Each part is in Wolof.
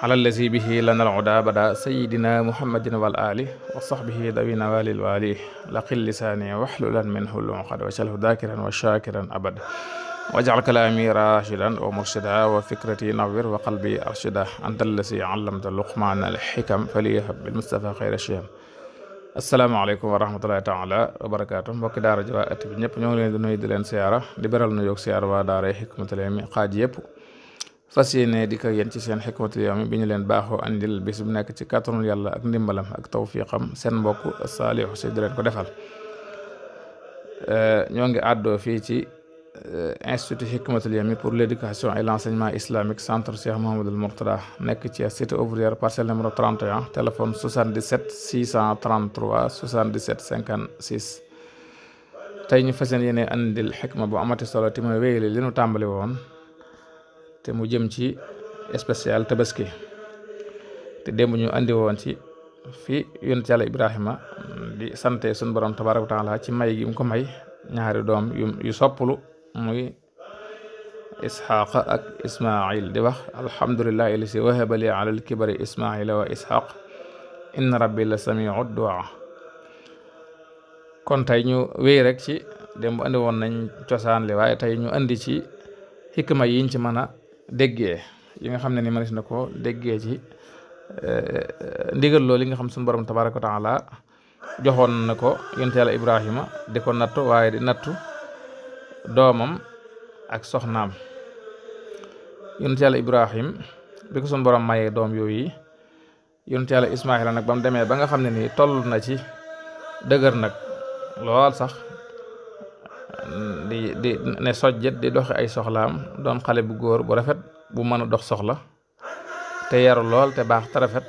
alallasi bihi lanal uda bada sayidina muhammadin wal ali wa sahbihi dawina walil wali laqil lisaani waxlulan minhu lunqad wacalhu dakiran wa shakiran abad wajal kalaami rashidan wa murshida wa fikrati nawir wa qalbi arshida anta allasi allamta luqmaana alxikam faliyahab bilmustafa xayra shiham asalaamaaleykum wa rahmatullahi taala wa barakaatu mbokki daara jawaati bi ñëpp ñoo ngi leen di nuyu di leen siyaara di beral nu yóg siyaar waa daara Hikmatul Yawmi xaaj yëpp fas yéene di ko yéen ci seen Hikmatul Yawmi bi ñu leen baaxoo andil bis bu nekk ci kàttanul yàlla ak ndimbalam ak tawfiqam seen mbokk Saliou Sy di leen ko defal euh, ñoo ngi àddoo fii ci euh, institut Hikmatul Yawmi pour l'éducation et l'enseignement islamique centre Cheikh Mouhamadoul Mourtada nekk ci cité ouvrière parcelle numéro 31 téléphone 77 633 77 56 tey ñu fas yéene andil xikma bu amati solo ti ma li nu tàmbali woon te mu jëm ci spécial tabaski te démb ñu andi woon ci fi yonent yàlla Ibrahima di sante suñu borom tabaaraka wa taala ci may gi ko may ñaari doom yu soppulu muy Isxaaq ak Ismaayil di wax alhamdulillahi allasi wahaba li ala alkibari Ismaayila wa Isxaaq inna rabbi la samiu duaa kon tey ñu wéy rek ci démb andi woon nañ cosaan li waaye tey ñu andi ci xikma yiñ ci mën a déggee yi nga xam ne ni mënees na ko déggee ci eh, ndigal loolu yi nga xam suñu borom tabaaraka wa taala joxoon na ko yonent yàlla Ibrahima di ko nattu waaye di nattu doomam ak soxnaam yonent yàlla Ibrahim bi ko suñu borom mayee doom yooyu yonent yàlla Ismaayila nag ba demee ba nga xam ne nii toll na ci dëgër nag lool sax. di di ne sojjet di doxi ay soxlaam doon xale bu góor bu rafet bu mën a dox soxla te yaru lool te baax te rafet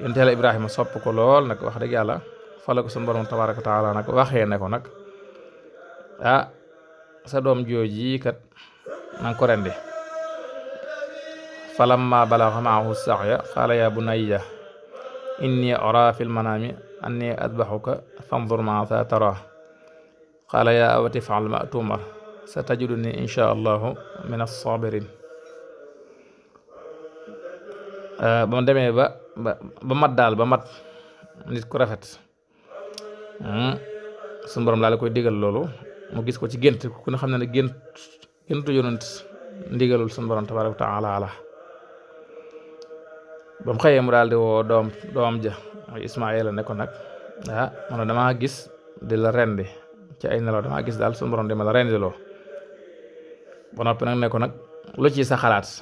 yonent Yàlla Ibrahima sopp ko lool nag wax dëgg yàlla fa la ko suñu borom tabaaraka wa taala nag waxee ne ko nag ah sa doom jooji kat nanga ko rendi falamma balagha ma'ahu as-sa'ya qaala yaa bunayya inni araa fil manaami anni adbahuka fanzur maa tara qaala yaa awati faal ma tuumar sa tajiduni insha allahu min as-sabirin ba mu demee ba ba mat daal ba mat nit ku rafet hmm. suñu borom laa la koy digal loolu mu gis ko ci gént ku ne xam ne ne gént géntu yonent ndigalul suñu borom tabaaraka wa taala ba mu xëyee mu daal di woo doom doom ja mooy Ismaayila ne ko nag ah man damaa gis di la rendi ci ay nelaw damaa gis daal suñu borom di ma la rendiloo ba noppi nag ne ko nag lu ci sa xalaat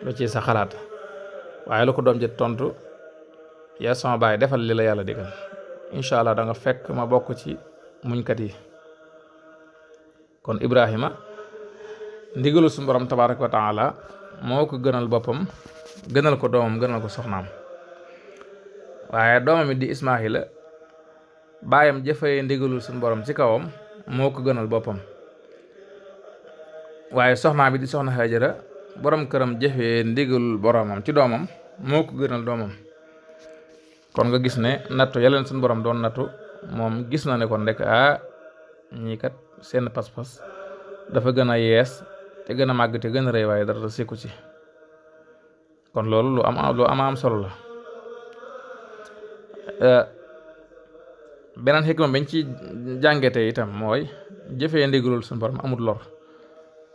lu ci sa xalaat waaye lu ko doom ji tontu yaa sama baay defal li la yàlla digal incha allah da nga fekk ma bokk ci muñkat yi kon Ibrahima ndigalu suñu borom tabaaraka wa taala moo ko gënal boppam gënal ko doomam gënal ko soxnaam waaye doomam it di Ismaahila baayam jëfee ndigalul suñu borom ci kawam moo ko gënal boppam waaye soxnaa bi di soxna Haajara borom këram jëfee ndigalul boromam ci doomam moo ko gënal doomam kon nga gis ne nattu yaleen suñ borom doon nattu moom gis na ne kon rek ah ñii kat seen pas-pas dafa gën a yees te gën a màgg te gën a rey waaye dara sikku ci kon loolu lu am am solo la euh, beneen xikma bañ ci jàngatee itam mooy jëfee ndigalul suñu borom amut lor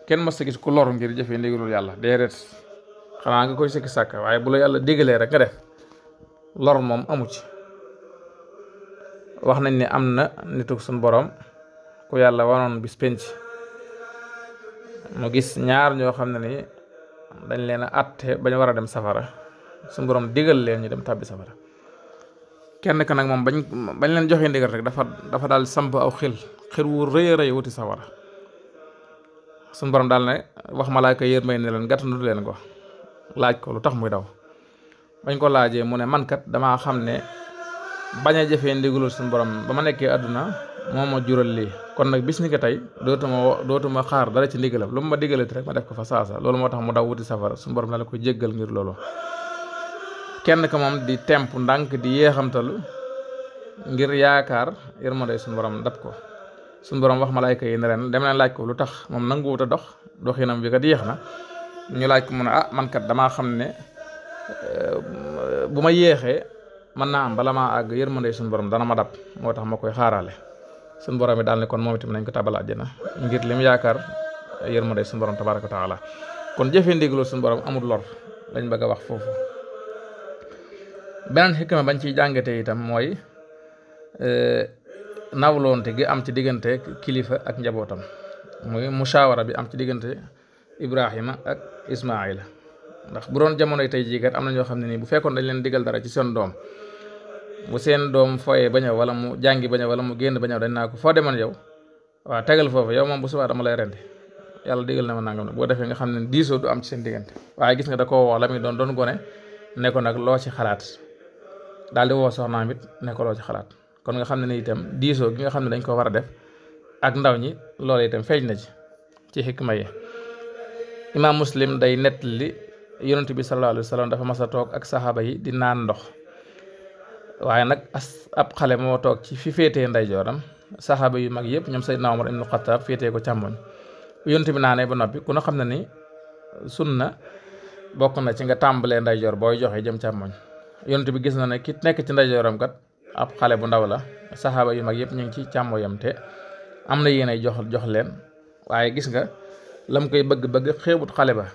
kenn mës a gis ku lor ngir jëfee ndigalul yàlla déedéet xanaa nga koy sikki sàkk waaye bu la yàlla digalee rek nga def lor moom amu ci wax nañ ni am na nituk suñ boroom ku yàlla waroon bis penc mu gis ñaar ñoo xam ne ni dañ leen a àtte bañ war a dem safara suñu borom digal leen ñu dem tàbbi safara kenn ka nag moom bañ bañ leen joxe ndigal rek dafa dafa daal samp aw xel xel wu rëy a wuti sawara suñu borom daal ne wax ma malaaka yër may ne leen gàttandu leen ko laaj ko lu tax muy daw bañ ko laajee mu ne man damaa xam ne bañ a jëfee ndigalul suñu borom ba ma nekkee àdduna moo ma jural lii kon nag bis ni ko tey dootuma dootuma xaar dara ci ndigalam lu mu ma digalati rek ma def ko fa saasa loolu moo tax mu daw wuti safara suñu borom la ko jéggal ngir loolu kenn ka moom di temp ndànk di yéexamtalu ngir yaakaar yërmande suñu borom dab ko suñu borom wax malaayka yi ne ren dem leen laaj ko lu tax moom nanguwut a dox doxinam bi kat yéex na ñu laaj mu ne ah man damaa xam ne eh, bu ma yéexee mën naa am bala maa àgg yërmande suñu borom dana ma dab moo tax ma koy xaaraale suñu borom yi daal ne kon moom itam nañ ko tabal na ngir li mu yaakaar yërmande suñu borom tabaaraka wa taala kon jëfe ndigalu suñu borom amul lor lañ bëgg a wax foofu. beneen xikma bañ ciy jàngatee itam mooy euh, nawloonte gi am ci diggante kilifa ak njabootam mu mushawara bi am ci diggante Ibrahima ak Ismaila ndax bu doon jamonoy tey jii kat am na ñoo xam ne nii bu fekkoon dañ digal dara ci seen doom bu seen doom fooyee ba ñëw wala mu jàngi ba ñëw wala mu génn ba ñëw dañ naa ko foo demoon yow waa tegal foofu yow moom bu subaa dama lay rendi yàlla digal na ma nangam nag boo defee nga xam ne diisoo du am ci seen diggante waaye gis nga da koo wax la muy doon doon gone ne ko nag loo ci xalaat. daal di woo soxnaam it ne ko ci xalaat kon nga xam ne ni itam diisoo gi nga xam ne dañ ko war a def ak ndaw ñi loolu itam feeñ na ci ci xikma yi imaam muslim day nettali yonent bi sallallahu alayhi wa dafa mas a toog ak saxaaba yi di naan ndox waaye nag as ab xale moo toog ci fi féetee ndeyjooram saxaaba yu mag yëpp ñoom Seydina Omar ibnu Xataab féetee ko càmmoñ yonent bi naanee ba noppi ku na xam ne ni sunna bokk na ci nga tàmbalee ndeyjoor booy joxee jëm càmmoñ yonent bi gis na ne ki nekk ci ndeyjooram kat ab xale bu ndaw la saxaaba yu mag yëpp ñu ngi ci càmmoyam am na yéenay jox jox leen waaye gis nga lam koy bëgg-bëgg xeebut xale ba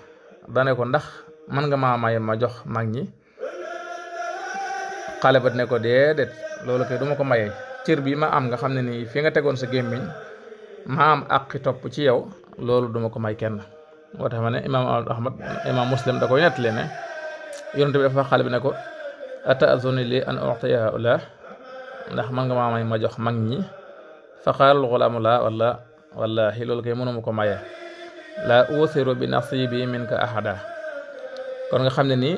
dane ko ndax mën nga maa may ma jox mag ñi xale ba ne ko déedéet loolu kay du ko may cër bi ma am nga xam ne nii fi nga tegoon sa gémmiñ ma am àqi topp ci yow loolu duma ko may kenn moo tax ma ne imaam ahmad imaam muslim da koy nettali ne yonent bi dafa xale bi ne ko ataazuni li an uxtiya haula ndax man nga maa ma jox mag ñi fa qaalal xulaamu laa wala wallahi loolu kay mënuma ko maye laa usiru bi nasibi min ka ahada kon nga xam ne nii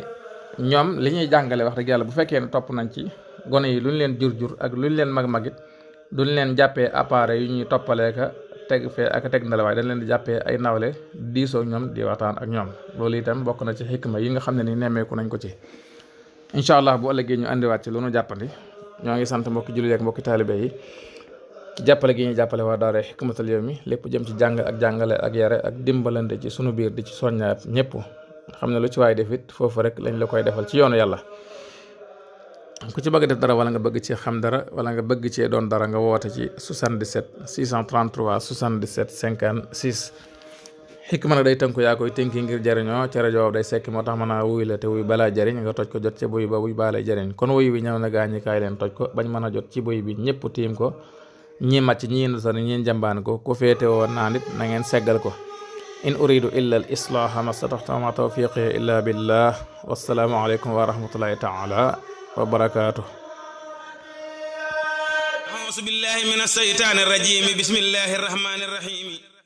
ñoom li ñuy jàngale wax dëgg yàlla bu fekkee ne topp nañ ci gone yi lu ñu leen jur jur ak lu ñu leen mag magit duñ leen jàppee appareil yu ñuy toppalee ka teg fee ak teg na la waaye dañ leen di jàppee ay nawle diisoo ñoom di waxtaan ak ñoom loolu itam bokk na ci xikma yi nga xam ne ni nemmeeku nañ ko ci incha allah bu ëllëgee ñu indiwaat ci lu nu jàppandi ñoo ngi sant mbokki jullit ak mbokki taalibe yi ci jàppale gi ñuy jàppale waa daara Hikmatul Yawmi lépp jëm ci jàng ak jàngale ak yare ak dimbalante ci sunu biir di ci soññaat ñëpp xam ne lu ci waaye def it foofu rek lañ la koy defal ci yoonu yàlla ku ci bëgg def dara wala nga bëgg ci xam dara wala nga bëgg cee doon dara nga woote ci 77 633 77 56 xikma nag day tënku yaa koy tënki ngir jariñoo ca rajo day sekki moo tax mën a wuy la te wuy balaa jariñ nga toj ko jot ca buy ba buy baa lay jariñ kon wuy bi ñëw na gaañi kaay leen toj ko bañ mën a jot ci buy bi ñëpp tiim ko ñi màcc ñi nasar ñi njambaan ko ku féete woon naa nit seggal ko in uridu illa al islaha ma stataxta ma tawfiqi illa billah wassalaamu aleykum wa rahmatullahi taala wa barakaatu ausu billahi min asheytaani rajim